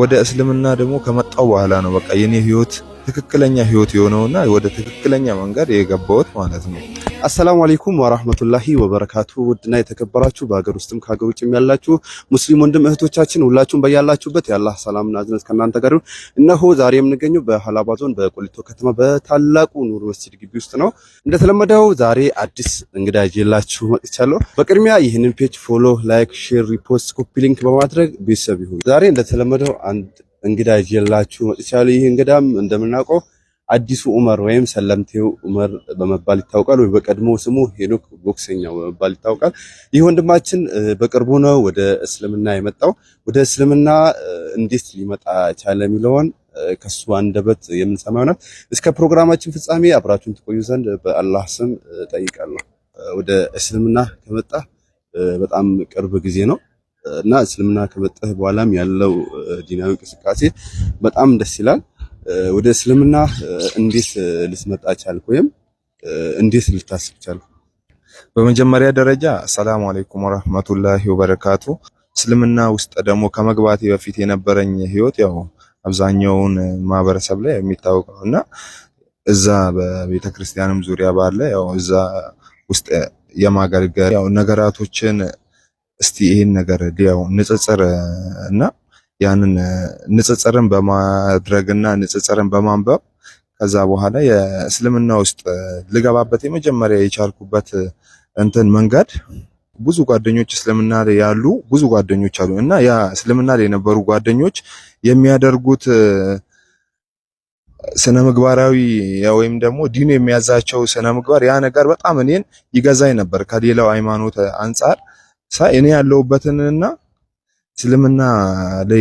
ወደ እስልምና ደግሞ ከመጣው በኋላ ነው በቃ የኔ ህይወት ትክክለኛ ህይወት የሆነውና ወደ ትክክለኛ መንገድ የገባሁት ማለት ነው። አሰላሙ አሌይኩም ወራህመቱላሂ ወበረካቱ። ውድና የተከበራችሁ በሀገር ውስጥም ከሀገር ውጭም ያላችሁ ሙስሊም ወንድም እህቶቻችን ሁላችሁም በያላችሁበት የአላህ ሰላምና እዝነት ከእናንተ ጋር ይሁን። እነሆ ዛሬ የምንገኘው በሀላባ ዞን በቆሊቶ ከተማ በታላቁ ኑር መስጂድ ግቢ ውስጥ ነው። እንደተለመደው ዛሬ አዲስ እንግዳ ይዤላችሁ መጥቻለሁ። በቅድሚያ ይህንን ፔጅ ፎሎ፣ ላይክ፣ ሼር፣ ሪፖስት፣ ኮፒ ሊንክ በማድረግ ቤተሰብ ይሁን። ዛሬ እንደተለመደው አንድ እንግዳ ይዤላችሁ መጥቻለሁ። ይህ እንግዳም እንደምናውቀው አዲሱ ዑመር ወይም ሰለምቴው ዑመር በመባል ይታወቃል፣ ወይ በቀድሞ ስሙ ሄኖክ ቦክሰኛው በመባል ይታወቃል። ይህ ወንድማችን በቅርቡ ነው ወደ እስልምና የመጣው። ወደ እስልምና እንዴት ሊመጣ ቻለ የሚለውን ከሱ አንደበት የምንሰማ ይሆናል። እስከ ፕሮግራማችን ፍጻሜ አብራችሁን ትቆዩ ዘንድ በአላህ ስም ጠይቃለሁ። ወደ እስልምና ከመጣ በጣም ቅርብ ጊዜ ነው እና እስልምና ከመጣህ በኋላም ያለው ዲናዊ እንቅስቃሴ በጣም ደስ ይላል። ወደ እስልምና እንዴት ልትመጣ ቻልክ? ወይም እንዴት ልታስብ ቻልክ? በመጀመሪያ ደረጃ ሰላም አለይኩም ወራህመቱላሂ ወበረካቱ። እስልምና ውስጥ ደግሞ ከመግባቴ በፊት የነበረኝ ህይወት ያው አብዛኛውን ማህበረሰብ ላይ የሚታወቅ ነው እና እዛ በቤተ ክርስቲያንም ዙሪያ ባለ ያው እዛ ውስጥ የማገልገል ያው ነገራቶችን እስቲ ይሄን ነገር ያው ንጽጽር እና ያንን ንጽጽርን በማድረግና ንጽጽርን በማንበብ ከዛ በኋላ የእስልምና ውስጥ ልገባበት የመጀመሪያ የቻልኩበት እንትን መንገድ ብዙ ጓደኞች እስልምና ላይ ያሉ ብዙ ጓደኞች አሉ እና ያ እስልምና ላይ የነበሩ ጓደኞች የሚያደርጉት ስነ ምግባራዊ ወይም ደግሞ ዲኑ የሚያዛቸው ስነ ምግባር ያ ነገር በጣም እኔን ይገዛኝ ነበር። ከሌላው ሃይማኖት አንጻር ሳይ እኔ ያለሁበትንና እስልምና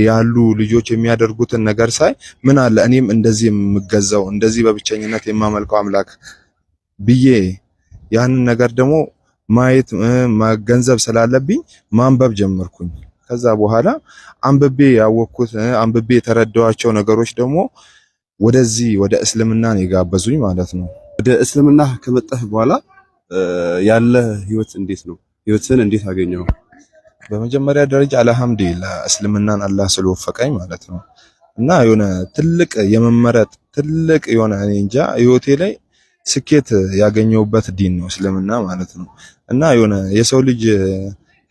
ያሉ ልጆች የሚያደርጉትን ነገር ሳይ ምን አለ እኔም እንደዚህ የምገዛው እንደዚህ በብቸኝነት የማመልከው አምላክ ብዬ ያንን ነገር ደግሞ ማየት መገንዘብ ስላለብኝ ማንበብ ጀመርኩኝ። ከዛ በኋላ አንብቤ ያወቅኩት አንብቤ የተረዳኋቸው ነገሮች ደግሞ ወደዚህ ወደ እስልምና ነው የጋበዙኝ ማለት ነው። ወደ እስልምና ከመጣህ በኋላ ያለ ህይወት እንዴት ነው? ህይወትን እንዴት አገኘው? በመጀመሪያ ደረጃ አልሐምዱሊላህ እስልምናን አላህ ስለወፈቀኝ ማለት ነው። እና የሆነ ትልቅ የመመረጥ ትልቅ የሆነ እኔ እንጃ ህይወቴ ላይ ስኬት ያገኘሁበት ዲን ነው እስልምና ማለት ነው። እና የሆነ የሰው ልጅ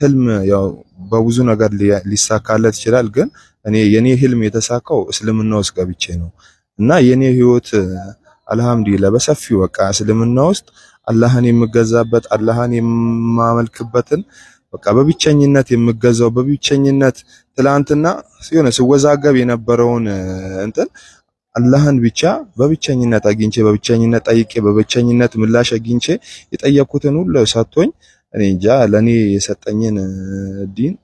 ህልም ያው በብዙ ነገር ሊሳካለት ይችላል። ግን እኔ የኔ ህልም የተሳካው እስልምና ውስጥ ገብቼ ነው። እና የኔ ህይወት አልሐምዱሊላህ በሰፊው በቃ እስልምና ውስጥ አላህን የምገዛበት አላህን የማመልክበትን በቃ በብቸኝነት የምገዛው በብቸኝነት ትላንትና ሲሆነ ስወዛገብ የነበረውን እንትን አላህን ብቻ በብቸኝነት አግኝቼ በብቸኝነት ጠይቄ በብቸኝነት ምላሽ አግኝቼ የጠየኩትን ሁሉ ሰጥቶኝ እኔ እንጃ ለኔ የሰጠኝን ዲን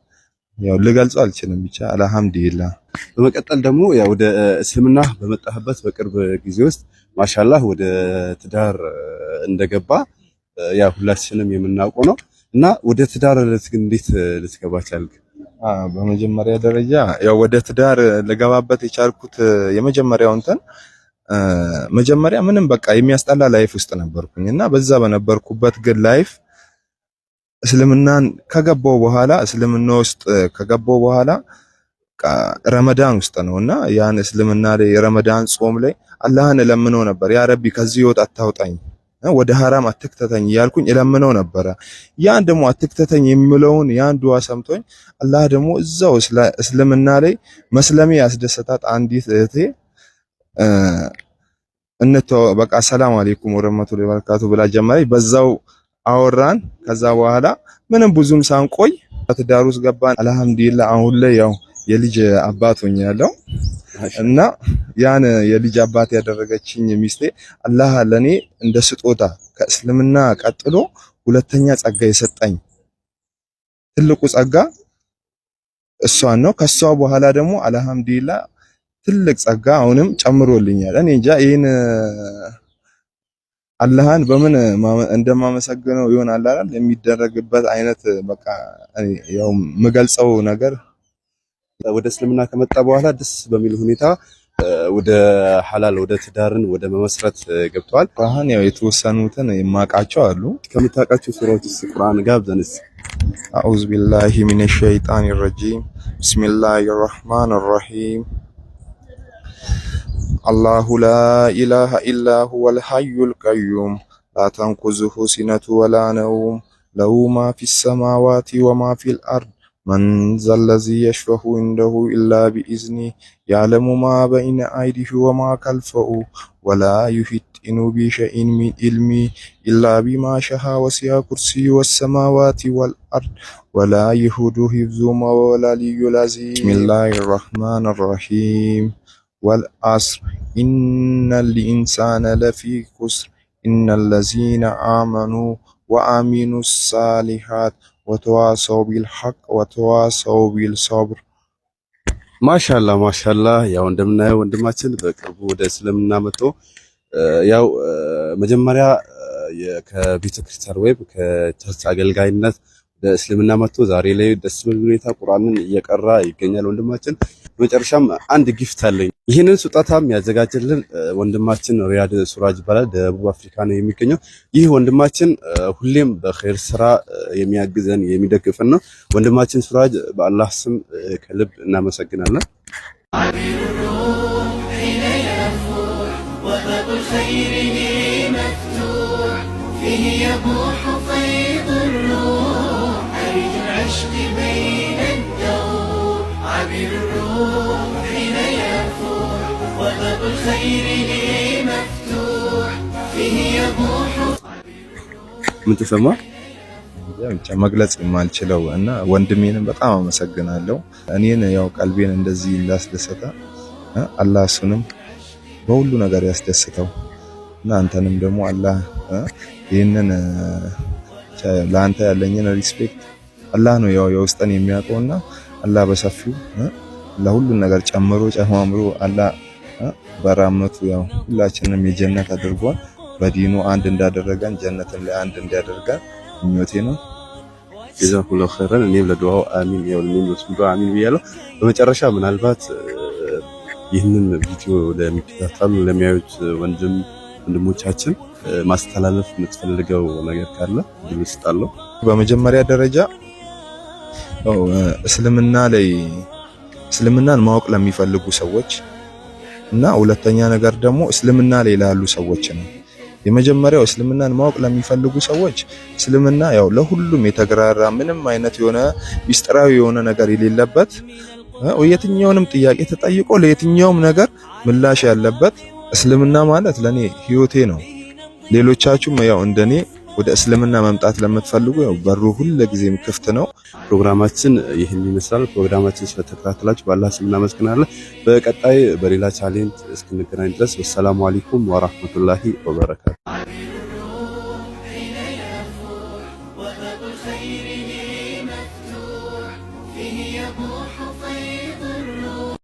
ያው ልገልጸው አልችልም። ብቻ አልሐምዱሊላህ። በመቀጠል ደግሞ ያው ወደ እስልምና በመጣህበት በቅርብ ጊዜ ውስጥ ማሻላህ ወደ ትዳር እንደገባ ያው ሁላችንም የምናውቀው ነው። እና ወደ ትዳር ለስግን እንዴት ልትገባ ቻልክ? በመጀመሪያ ደረጃ ያው ወደ ትዳር ልገባበት የቻልኩት የመጀመሪያው እንትን መጀመሪያ ምንም በቃ የሚያስጠላ ላይፍ ውስጥ ነበርኩኝ እና በዛ በነበርኩበት ግን ላይፍ እስልምናን ከገባው በኋላ እስልምና ውስጥ ከገባው በኋላ ረመዳን ውስጥ ነው እና ያን እስልምና ላይ የረመዳን ጾም ላይ አላህን ለምነው ነበር፣ ያ ረቢ ከዚህ ህይወት አታውጣኝ ወደ ሐራም አትክተተኝ እያልኩኝ እለምነው ነበረ። ያን ደግሞ አትክተተኝ የምለውን ያን ዱዓ ሰምቶኝ አላህ ደግሞ እዛው እስልምና ላይ መስለሜ ያስደሰታት አንዲት እህቴ እንተ በቃ ሰላም አለይኩም ወረህመቱላሂ ወበረካቱ ብላ ጀመረ። በዛው አወራን። ከዛ በኋላ ምንም ብዙም ሳንቆይ ትዳር ውስጥ ገባን። አልሐምዱሊላህ አሁን ላይ ያው የልጅ አባት ሆኜ ያለው እና ያን የልጅ አባት ያደረገችኝ ሚስቴ አላህ ለኔ እንደ ስጦታ ከእስልምና ቀጥሎ ሁለተኛ ጸጋ የሰጠኝ ትልቁ ጸጋ እሷን ነው። ከሷ በኋላ ደግሞ አልሐምዱሊላ ትልቅ ጸጋ አሁንም ጨምሮልኛል። እኔ እንጃ ይሄን አላህን በምን እንደማመሰግነው ይሆን አላላል የሚደረግበት አይነት በቃ ያው የምገልጸው ነገር ወደ እስልምና ከመጣ በኋላ ደስ በሚል ሁኔታ ወደ ሀላል ወደ ትዳርን ወደ መመስረት ገብተዋል። ቁርአን ያው የተወሰኑትን የማውቃቸው አሉ። ከምታውቃቸው ሱራዎች ውስጥ ቁርአን ጋብዘን እስኪ። አዑዝ ቢላሂ ሚነ ሸይጣን ረጂም ብስሚላሂ ረህማን ረሂም አላሁ ላ ኢላሃ ኢላ ሁወል ሐዩል ቀዩም ላ ተንኩዙሁ ሲነቱ ወላ ነውም ለሁ ማ ፊ ሰማዋቲ ወማ ፊል አርድ من ذا الذي يشفه عنده إلا بإذنه يعلم ما بين أيديه وما خلفه ولا يحيطون بشيء من علمه إلا بما شاء وسع كرسيه والسماوات والأرض ولا يهود حفظهما ولا لي العظيم بسم الله الرحمن الرحيم والعصر إن الإنسان لفي خسر إن الذين آمنوا وعملوا الصالحات ወተዋሰው ቢል ሐቅ ወተዋሰው ቢል ሰብር። ማሻላ ማሻላ። ያው እንደምናየው ወንድማችን በቅርቡ ወደ እስልምና መጥቶ ያው መጀመሪያ ከቤተክርስቲያን ወይም ከቸርች አገልጋይነት እስልምና መጥቶ ዛሬ ላይ ደስ በሚል ሁኔታ ቁርአንን እየቀራ ይገኛል ወንድማችን። በመጨረሻም አንድ ጊፍት አለኝ። ይህንን ስጦታም ያዘጋጀልን ወንድማችን ሪያድ ሱራጅ ይባላል። ደቡብ አፍሪካ ነው የሚገኘው። ይህ ወንድማችን ሁሌም በኸይር ስራ የሚያግዘን የሚደግፈን ነው። ወንድማችን ሱራጅ በአላህ ስም ከልብ እናመሰግናለን። ምን ተሰማ? ብቻ መግለጽ የማልችለው እና ወንድሜንም በጣም አመሰግናለሁ። እኔን ያው ቀልቤን እንደዚህ እንዳስደሰተ አላህ እሱንም በሁሉ ነገር ያስደስተው እና አንተንም ደግሞ አላህ ይህንን ለአንተ ያለኝን ሪስፔክት አላህ ነው ያው የውስጠን የሚያውቀውና አላህ በሰፊው ለሁሉን ነገር ጨምሮ ጨማምሮ አላህ በራመቱ ያው ሁላችንም የጀነት አድርጓል። በዲኑ አንድ እንዳደረገን ጀነትም ላይ አንድ እንዲያደርገን ምኞቴ ነው። ጀዛኩላሁ ኸይረን። እኔም ለዱዓው አሚን ያው ለሚመስሉ አሚን ብያለሁ። በመጨረሻ ምናልባት ይህንን ቪዲዮ ለሚከታተሉ ለሚያዩት ወንድም ወንድሞቻችን ማስተላለፍ የምትፈልገው ነገር ካለ ይመስጣለሁ። በመጀመሪያ ደረጃ እስልምና ላይ እስልምናን ማወቅ ለሚፈልጉ ሰዎች እና ሁለተኛ ነገር ደግሞ እስልምና ላይ ላሉ ሰዎች ነው። የመጀመሪያው እስልምናን ማወቅ ለሚፈልጉ ሰዎች እስልምና ያው ለሁሉም የተግራራ ምንም አይነት የሆነ ሚስጥራዊ የሆነ ነገር የሌለበት የትኛውንም ጥያቄ ተጠይቆ ለየትኛውም ነገር ምላሽ ያለበት እስልምና ማለት ለኔ ህይወቴ ነው። ሌሎቻችሁም ያው እንደኔ ወደ እስልምና መምጣት ለምትፈልጉ ያው በሩ ሁሉ ጊዜም ክፍት ነው። ፕሮግራማችን ይህን ይመስላል። ፕሮግራማችን ስለተከታተላችሁ በአላህ ስም እናመሰግናለን። በቀጣይ በሌላ ቻሌንጅ እስክንገናኝ ድረስ ወሰላሙ አለይኩም ወራህመቱላሂ ወበረካቱ።